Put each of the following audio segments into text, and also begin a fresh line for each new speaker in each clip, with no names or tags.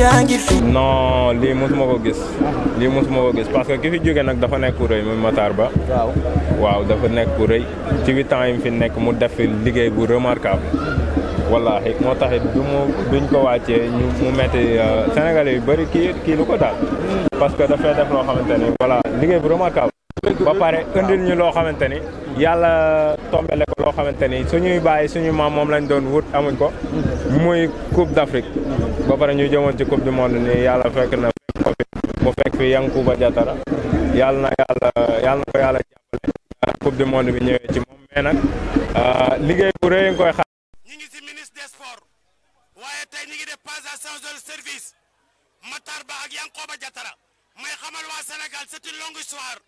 yaa ngi fi. non lii mosuma ko gis. lii mosuma ko gis parce que ki fi jóge nag dafa nekk ku rëy muy Matar Ba. waaw waaw dafa nekk ku rëy. ci biir temps yi mu fi nekk mu def liggéey bu remarquable. wallaahi moo taxit du mu duñ ko wàccee ñu mu metti euh, Sénégalais yu bëri kii kii lu ko daal. parce que dafay def loo xamante ni voilà liggéey bu remarquable. ba pare indil loo xamante ni yàlla tombele ko loo xamante ni suñuy bàyyi suñu maam moom lañ doon wut amuñ ko muy coupe d'Afrique ba pare ñu jëmoon ci coupe du monde nii yàlla fekk na bu fekk fi Yankuba Diatara yàlla na yàlla yàlla na coupe du monde bi ñëwee ci moom mais nag
euh, liggéey bu rëy nga koy xaar. ñi ngi ci ministre des waaye tey ñi ngi def passation de
service une longue histoire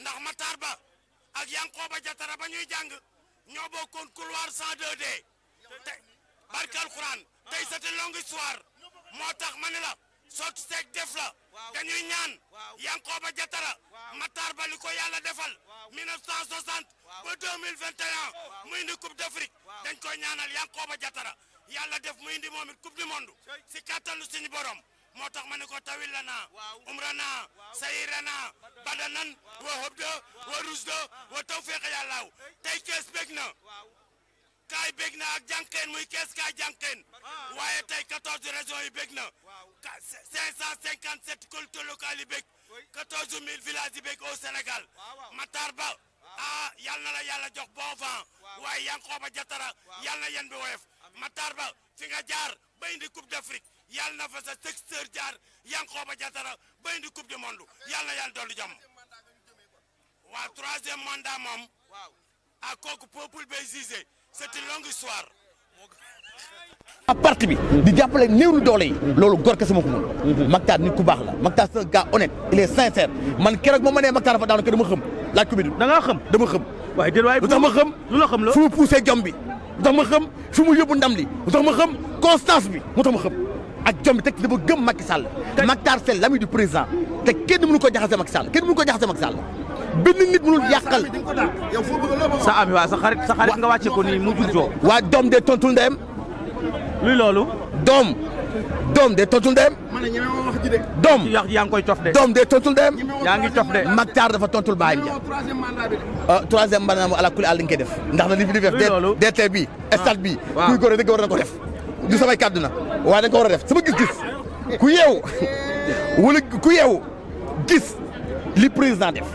ndax Matar Ba ak Yankuba Diatara ba ñuy jàng ñoo bokkoon couloir 102D. barke alxuraan tey c'est une longue histoire moo tax ma ne la sotti seeg def la dañuy ñaan Yankooba Jatara Matar Ba li ko yàlla defal 1960 ba 2021 muy indi coupe d'Afrique dañ ko ñaanal Yankooba Jatara yàlla def muy indi moom it coupe du monde si kattanu suñu borom moo tax ma ne ko tawil la naa umra naa sayira naa bada nan wa hëb da wa rus da wa tawfiq yàllaaw tey kees bég na kaay bég na ak jànkeen muy kees kaay waaye tey 14 régions yi bég na 557 collectivités locales yi bég 14000 villages yi bég au Sénégal Matar Ba ah la yàlla jox bon waaye Yankhoba Diattara yal na yen bi woyof Matar Ba jaar ba indi Coupe d'Afrique yal na fa sa secteur jaar Yankhoba Diattara ba indi Coupe du Monde yal na yàlla dolli jàmm waaw troisième mandat moom
ah kooku peuple bay c'est une longue histoire. à parti bi di jàppale néew lu doole yi loolu góor kese moo ko mën Mactar nit ku baax la Mactar c'est un gars honnête il est sincère man keroog moom ma nee Mactar dafa daanu ko dama xëm laaj ko bi da ngaa xëm dama xëm waaye déet waaye ma xëm xam la fu mu poussé jom bi lu tax ma xëm fi mu yóbbu ndam li lu tax ma xëm constance bi moo tax ma xëm ak jom bi teg dafa gëm Macky Sall Mactar c'est l'ami du président te kenn mënu ko jaxase Macky Sall kenn mënu ko jaxase Macky Sall benn nit mënul yàqal sa ami waa sa xarit sa xarit nga wàcce ko nii mu jujjoo waa doom de tontul ndeyam luy loolu doom doom de tontul ndeyam doom yaa ngi koy cof de doom de tontul ndeyam yaa ngi cof de Mactar dafa tontul baayam ja troisième mandat euh, ala kulli àll nga koy def ndax na li fi di def DT bi ah. stade bi kuy góor dëgg war na ko def du samay kàddu wa waaye dañ ko war a def sama gis-gis ku yeewu eh. wala ku yeewu gis li président def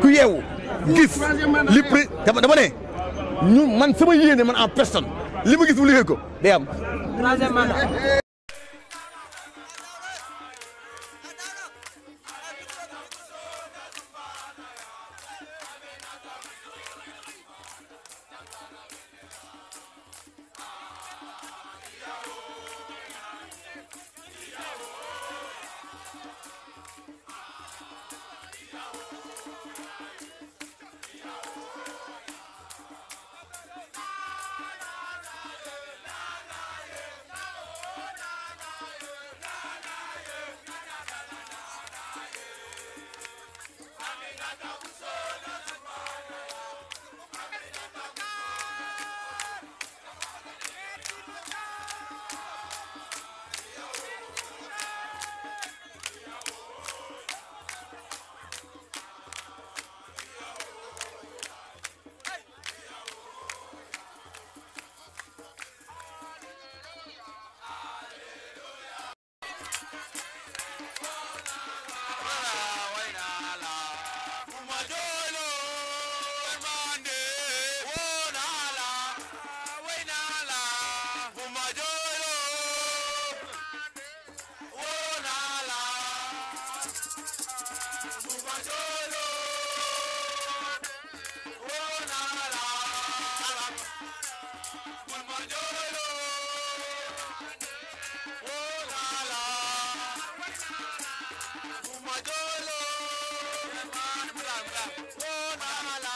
ku yeewu gis li pré dama ne ñu man sama yéene man en personne li ma gis mu liggéey ko day am.
Sëriñ Ram Ram. Oh, la la.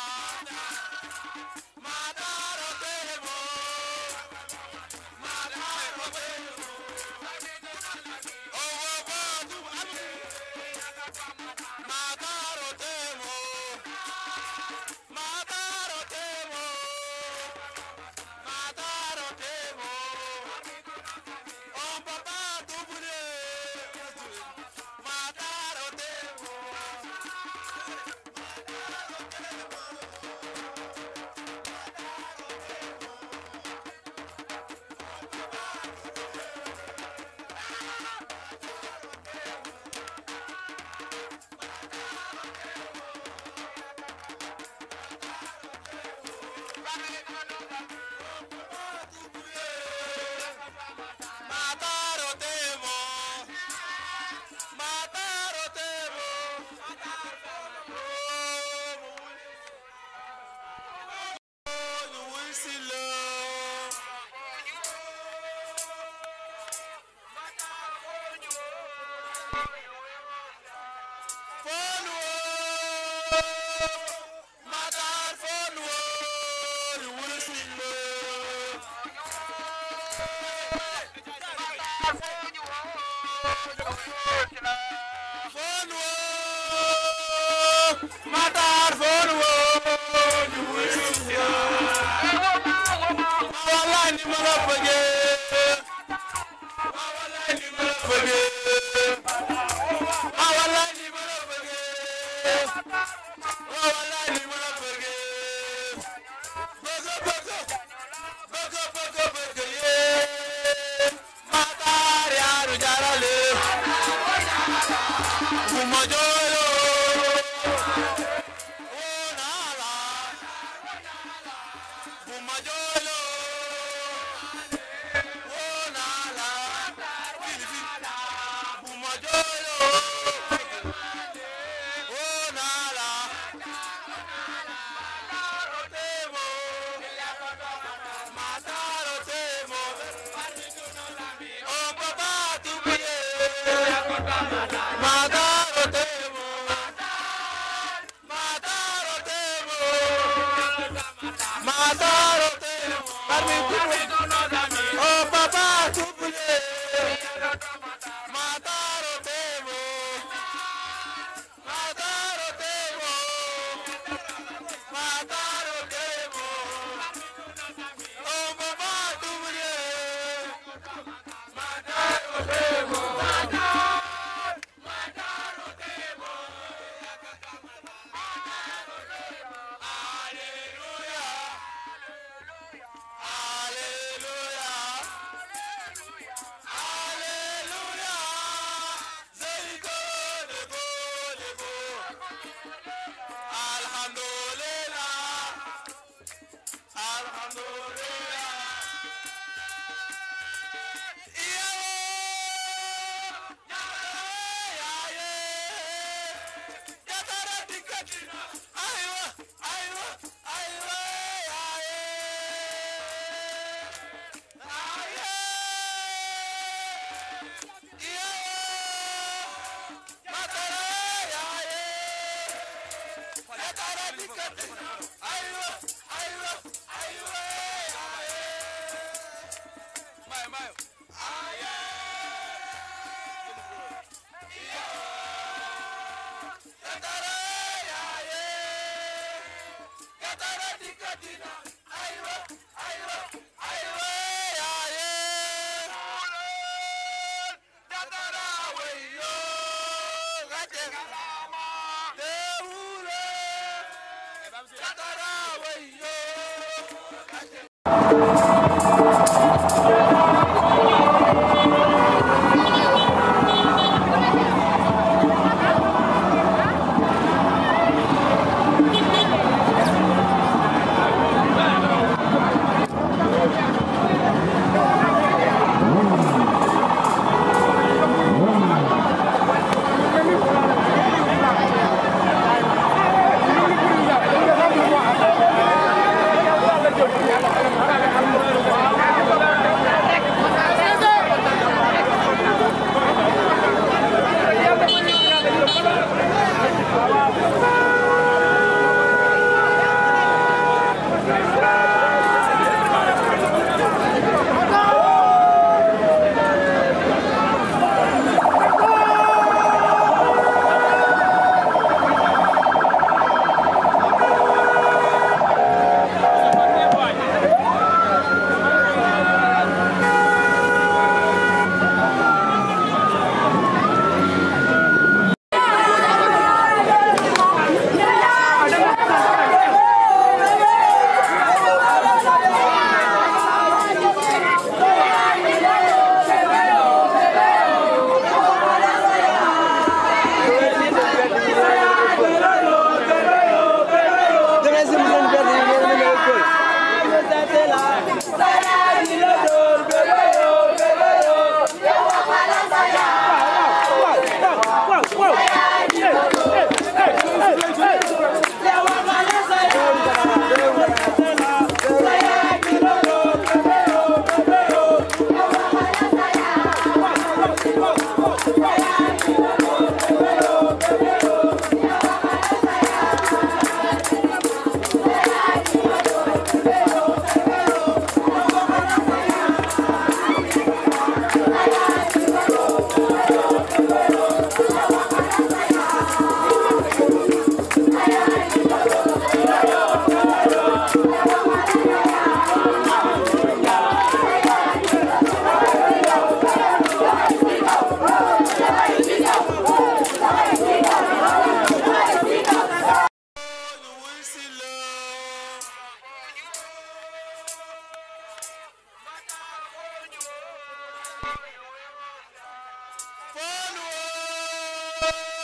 Walaay ni ma la bëggee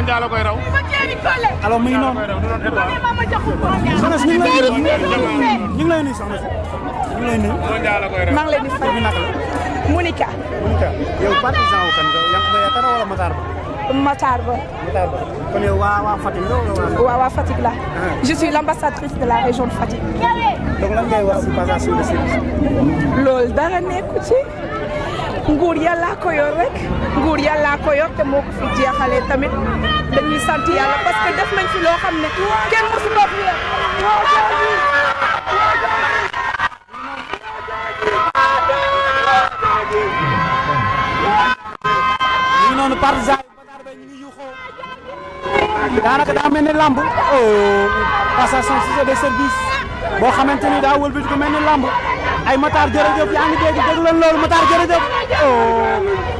Bondia la koy raw. alors muy noonu. soxna si ñu ngi lay nuyu. ñu ngi lay nuyu Matar Ba. Matar Ba. Matar Ba kon yow la wala. waaw waa Fatick la. Ah. je suis l'ambassadrice de la
région de Fatick. donc dara nekku ci. nguur yàlla ko yor rek. nguur yor te moo ko fi jeexalee tamit dañuy sant yàlla parce que def nañ fi loo xam ne kenn mosu ko fi ñu noonu partisan yi Matar Ba ñu ngi
yuuxoo daanaka daa mel ni làmb oh, passation sujet de service boo xamante ni daa wëlbati ko mel ni làmb ay Matar jërëjëf yaa ngi dégg déglu leen loolu
Matar jërëjëf oh.